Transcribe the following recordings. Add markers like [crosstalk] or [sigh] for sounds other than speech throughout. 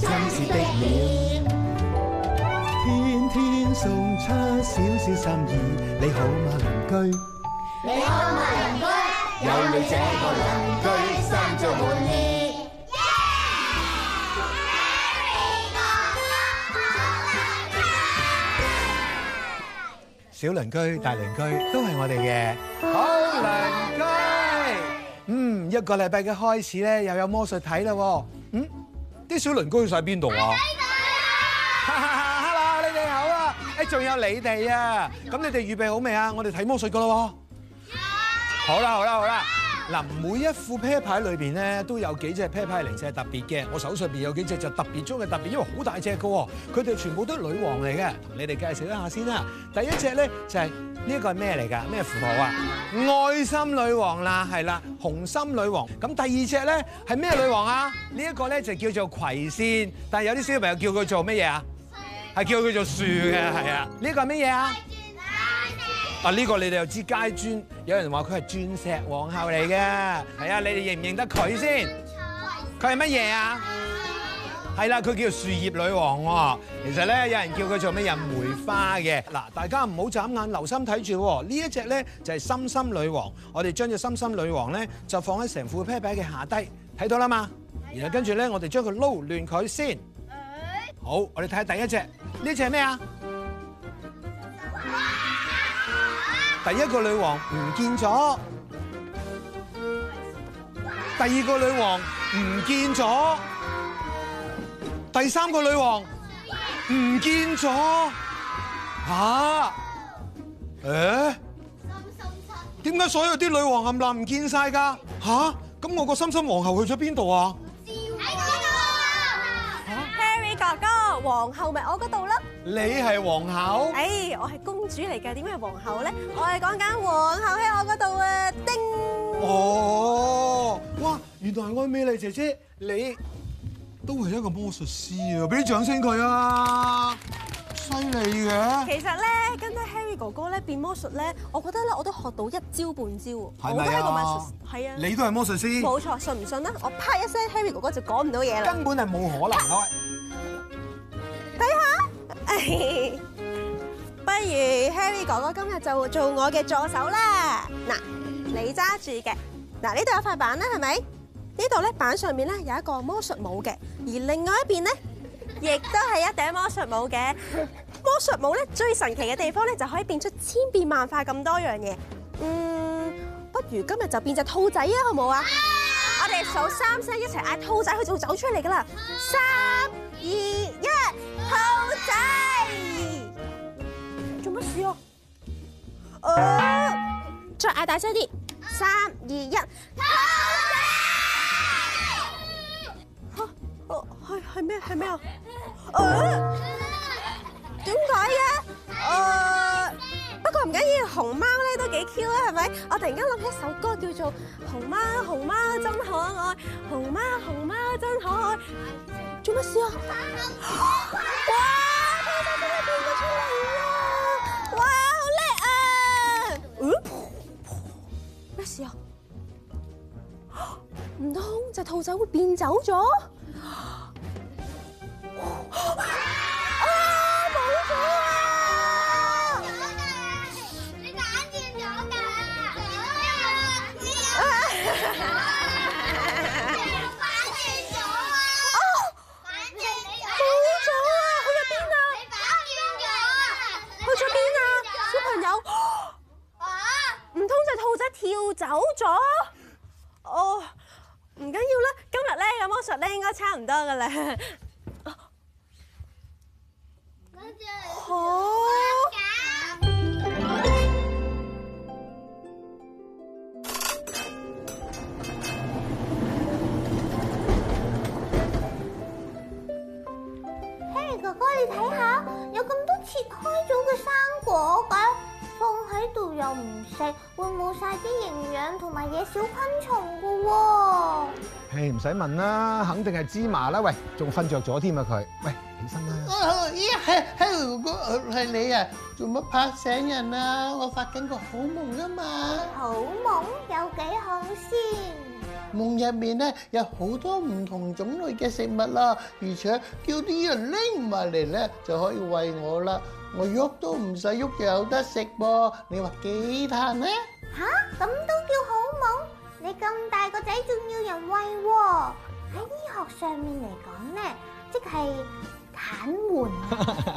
心事的了，天天送出小小心意。你好嗎，鄰居？你好嗎鄰，鄰居？有你這個鄰居，yeah! yeah! 居，心中滿意。小鄰居、大鄰居都係我哋嘅好鄰居。嗯，一個禮拜嘅開始咧，又有魔術睇啦。嗯。啲小鄰居去晒邊度啊？哈囉， [laughs] 你哋好啊！誒，仲有你哋啊！咁你哋預備好未啊？我哋睇魔術噶啦喎！好啦，好啦，好啦！嗱，每一副啤牌裏邊咧都有幾隻啤牌零舍係特別嘅，我手上邊有幾隻就特別中嘅特別，因為好大隻嘅喎，佢哋全部都係女王嚟嘅，同你哋介紹一下先啦。第一隻咧就係呢一個係咩嚟㗎？咩符號啊？愛心女王啦，係啦，紅心女王。咁第二隻咧係咩女王啊？呢一個咧就叫做葵扇，但係有啲小朋友叫佢做乜嘢啊？係叫佢做樹嘅，係啊？呢個係乜嘢啊？啊！呢、這個你哋又知階磚，有人話佢係鑽石皇后嚟嘅，係啊！你哋認唔認得佢先？佢係乜嘢啊？係啦，佢叫樹葉女王喎。其實咧，有人叫佢做咩人梅花嘅。嗱、啊，大家唔好眨眼，留心睇住喎。呢一隻咧就係、是、心心女王。我哋將隻心心女王咧就放喺成副啤牌嘅下低，睇到啦嘛。然後跟住咧，我哋將佢撈亂佢先。好，我哋睇下第一隻，呢一隻係咩啊？第一個女王唔見咗，第二個女王唔見咗，第三個女王唔見咗，啊，嚇？誒？點解所有啲女王冚 𠾴 唥唔見晒㗎？嚇？咁我個心心皇后去咗邊度啊？啊。皇后咪我嗰度啦，你係皇后，哎，我係公主嚟嘅，點解皇后咧？我係講緊皇后喺我嗰度啊！叮，哦，哇，原來我美麗姐姐你都係一個魔術師他掌啊！俾啲掌聲佢啊，犀利嘅。其實咧，跟得 Harry 哥哥咧變魔術咧，我覺得咧我都學到一招半招。係咪魔係啊，你都係魔術師。冇錯，啊，信唔信咧？我啪一聲，Harry 哥哥就講唔到嘢啦。根本係冇可能，各位，啊 [laughs] 不如 Harry 哥哥今日就做我嘅助手啦。嗱，你揸住嘅，嗱呢度有塊板啦，係咪？呢度咧板上面咧有一個魔術帽嘅，而另外一邊咧亦都係一頂魔術帽嘅。魔術帽咧最神奇嘅地方咧，就可以變出千變萬化咁多樣嘢。嗯，不如今日就變隻兔仔啊，好唔好啊？我哋數三聲一齊嗌兔仔，佢就走出嚟噶啦。三二。哦，呃，再嗌大聲啲，三二一，逃哦，係係咩？係咩啊？點解嘅？誒，呃，不過唔緊要緊，熊貓咧都幾 Q 啊，係咪？我突然間諗起一首歌，叫做《熊貓熊貓真可愛》，熊貓熊貓真可愛，做乜事啊？唔通隻兔仔會變走咗？跳走咗哦！唔、oh, 緊要啦，今日咧嘅魔術咧應該差唔多噶啦。好、oh... [music] ，Henry 哥哥，你睇下有咁多切開咗嘅生果噉，放喺度又唔食。晒啲營養同埋嘢，小昆蟲噶喎。嘿，唔使問啦，肯定係芝麻啦。喂，仲瞓着咗添啊，佢，喂，起身啦。啊呀，係係係你啊，做乜拍醒人啊？我發緊個好夢啊嘛，好夢有幾好先？夢入面咧有好多唔同種類嘅食物啦，而且叫啲人拎埋嚟咧就可以喂我啦。我喐都唔使喐就有得食噃，你話幾嘆咧？吓、啊、咁都叫好夢？你咁大個仔仲要人餵喎、啊？喺醫學上面嚟講呢，即係癱瘓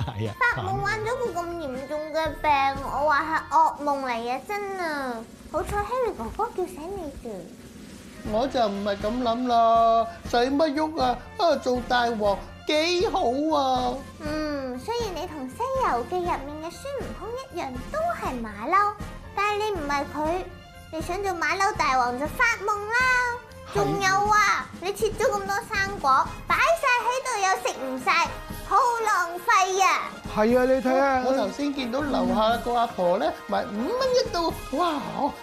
係啊，發 [laughs] 夢患咗個咁嚴重嘅病，我話係噩夢嚟啊，真啊！好彩 Harry 哥哥叫醒你住，我就唔係咁諗啦，使乜喐啊？啊做大王幾好啊？嗯，雖然你同《西遊記》入面嘅孫悟空一樣，都係馬騮。但係你唔係佢，你想做馬騮大王就發夢啦。仲有啊，你切咗咁多生果，擺晒喺度又食唔晒，好浪費啊！係啊，你睇下，我頭先見到樓下個阿婆咧賣五蚊一度，哇，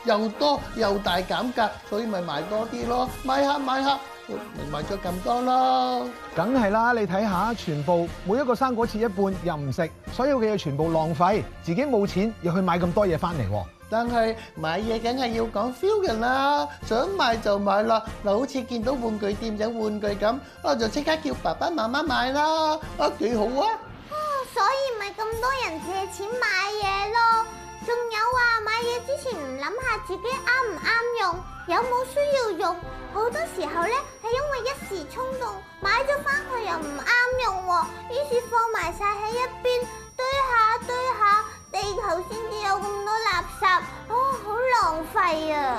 又多又大減價，所以咪賣多啲咯，買下買下，咪賣咗咁多咯。梗係啦，你睇下，全部每一個生果切一半又唔食，所有嘅嘢全部浪費，自己冇錢要去買咁多嘢翻嚟。但係買嘢梗係要講 feel 嘅啦，想買就買啦，嗱，好似見到玩具店有玩具咁，啊就即刻叫爸爸媽媽買啦，啊幾好啊！啊所以咪咁多人借錢買嘢咯。仲有話買嘢之前唔諗下自己啱唔啱用，有冇需要用，好多時候呢係因為一時衝動買咗翻去又唔啱用，於是放埋晒喺一邊堆下堆下。地球先至有咁多垃圾、哦、啊，好浪費啊！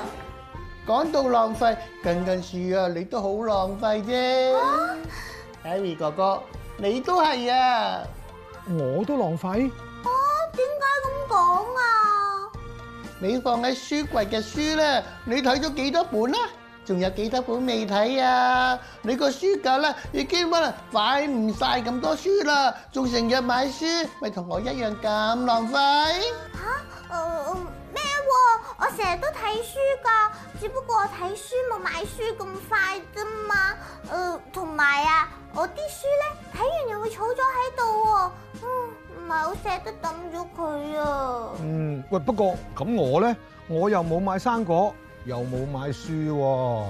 講到浪費，近近樹啊，你都好浪費啫。Harry 哥哥，你都係啊，我都浪費。啊、哦，點解咁講啊？你放喺書櫃嘅書咧，你睇咗幾多本啊？仲有幾多本未睇啊？你個書架咧已經屈啦，擺唔晒咁多書啦，仲成日買書，咪同我一樣咁浪費。吓？誒咩？我成日都睇書㗎，只不過我睇書冇買書咁快啫嘛。誒，同埋啊，我啲書咧睇完又會儲咗喺度喎，唔係好捨得抌咗佢啊。嗯，喂，不過咁我咧，我又冇買生果。又冇買書喎，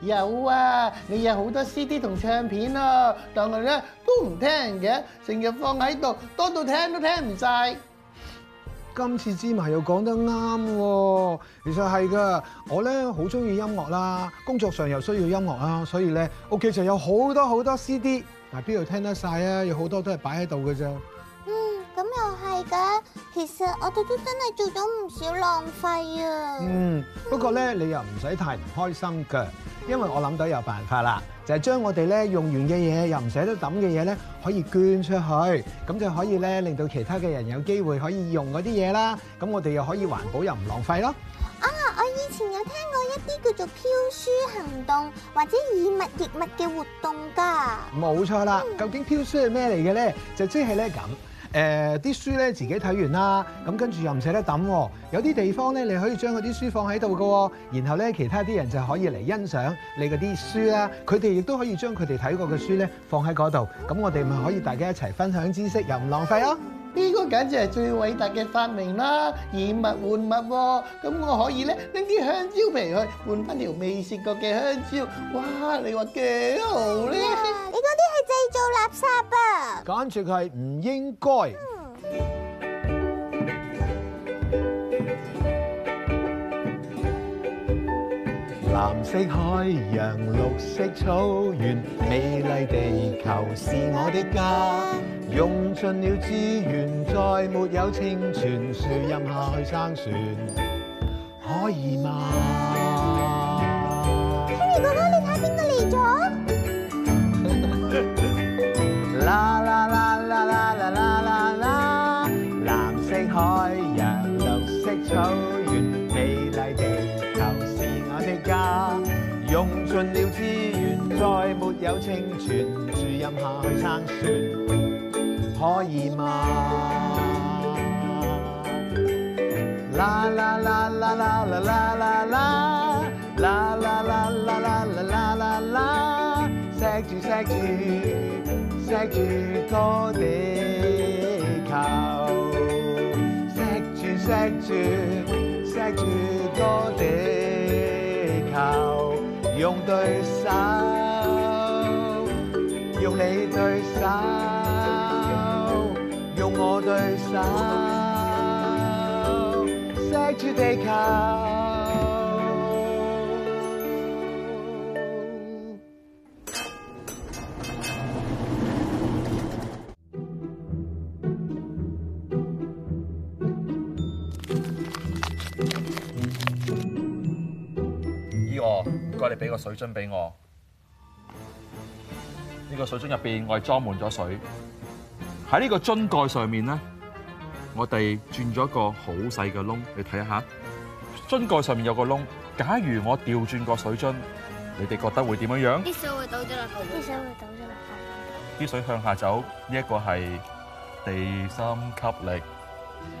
有啊，你有好多 CD 同唱片啊，但係咧都唔聽嘅，成日放喺度，多到聽都聽唔晒。今次芝麻又講得啱喎，其實係㗎，我咧好中意音樂啦，工作上又需要音樂啦，所以咧屋企就有好多好多 CD，但係邊度聽得晒啊？有好多都係擺喺度嘅啫。嗯，咁又係㗎。其實我哋都真係做咗唔少浪費啊！嗯，不過咧，你又唔使太唔開心噶，因為我諗到有辦法啦，就係將我哋咧用完嘅嘢又唔捨得抌嘅嘢咧，可以捐出去，咁就可以咧令到其他嘅人有機會可以用嗰啲嘢啦。咁我哋又可以環保又唔浪費咯。啊，我以前有聽過一啲叫做飄書行動或者以物易物嘅活動噶。冇錯啦，究竟飄書係咩嚟嘅咧？就即係咧咁。誒啲書咧自己睇完啦，咁跟住又唔捨得抌喎。有啲地方咧，你可以將嗰啲書放喺度喎。然後咧其他啲人就可以嚟欣賞你嗰啲書啦。佢哋亦都可以將佢哋睇過嘅書咧放喺嗰度，咁我哋咪可以大家一齊分享知識，又唔浪費咯。呢、這個簡直係最偉大嘅發明啦！以物換物、哦，咁我可以咧拎啲香蕉皮去換翻條未食過嘅香蕉，哇！你話幾好咧？你嗰啲係製造垃圾啊！簡直係唔應該、嗯。藍色海洋，綠色草原，美麗地球是我的家。嗯用盡了資源，再沒有清泉，樹蔭下去撐船，可以嗎？Harry 哥哥，你睇邊個嚟咗？ [laughs] 啦，啦，啦啦啦啦啦啦啦啦！藍色海洋，綠色草原，美麗地球是我的家。用盡了資源，再沒有清泉，樹蔭下去撐船。可以嗎，啦啦啦啦啦啦啦啦啦，啦，啦啦啦啦啦，啦啦啦啦啦啦啦啦，錫住錫住錫住個地球，錫住錫住錫住個地球，用對手。地球，依我，唔該，你俾個水樽俾我。呢個水樽入邊，我係裝滿咗水。喺呢個樽蓋上面咧，我哋轉咗一個好細嘅窿，你睇下樽蓋上面有個窿。假如我調轉個水樽，你哋覺得會點樣樣？啲水會倒咗落去，啲水會倒咗落去。啲水，水向下走，呢、這、一個係地心吸力。嗯、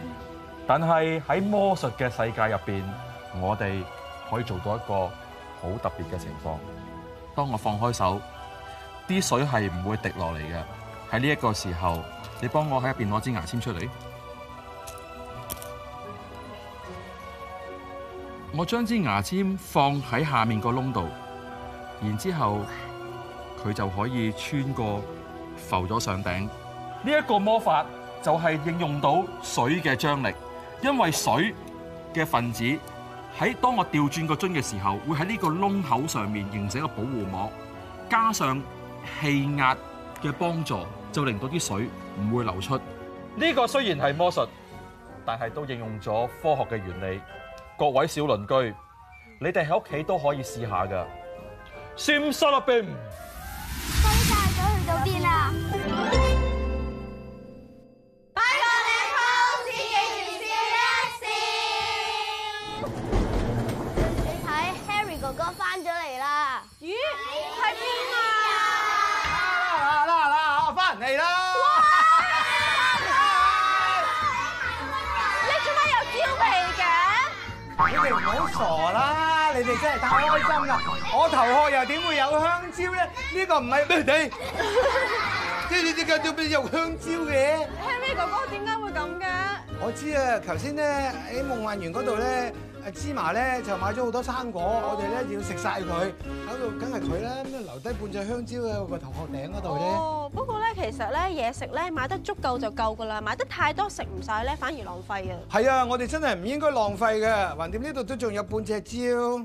但係喺魔術嘅世界入邊，我哋可以做到一個好特別嘅情況。當我放開手，啲水係唔會滴落嚟嘅。喺呢一個時候，你幫我喺入邊攞支牙籤出嚟。我將支牙籤放喺下面個窿度，然之後佢就可以穿過浮咗上頂。呢一個魔法就係應用到水嘅張力，因為水嘅分子喺當我調轉個樽嘅時候，會喺呢個窿口上面形成個保護膜，加上氣壓嘅幫助，就令到啲水唔會流出。呢個雖然係魔術，但係都應用咗科學嘅原理。各位小鄰居，你哋喺屋企都可以試下㗎。唔噶。真係太開心啦！我頭殼又點會有香蕉咧？呢個唔係咩，即係你隻腳點解有香蕉嘅？Happy 哥哥點解會咁嘅？我知啊，頭先咧喺夢幻園嗰度咧，芝麻咧就買咗好多生果，我哋咧要食曬佢，搞到梗係佢啦，留低半隻香蕉喺個頭殼頂嗰度啫。哦，不過咧其實咧嘢食咧買得足夠就夠噶啦，買得太多食唔曬咧反而浪費啊。係啊，我哋真係唔應該浪費嘅。橫掂呢度都仲有半隻蕉。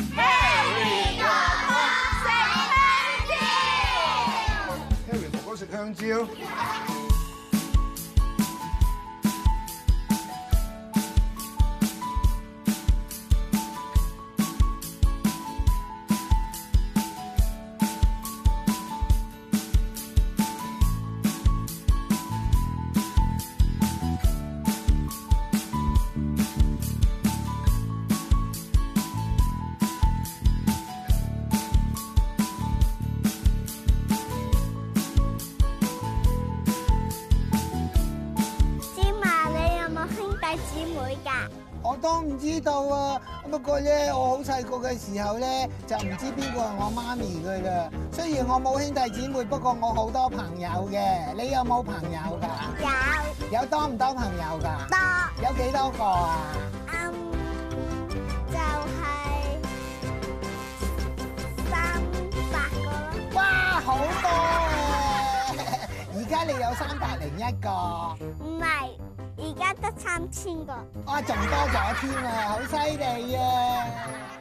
香蕉。知道啊，不過呢，我好細個嘅時候呢，就唔知邊個係我媽咪㗎啦，雖然我冇兄弟姊妹，不過我好多朋友嘅，你有冇朋友㗎？有。有多唔多朋友㗎？多。有幾多個啊？嗯而家得三千個，啊，仲多咗添啊，好犀利啊！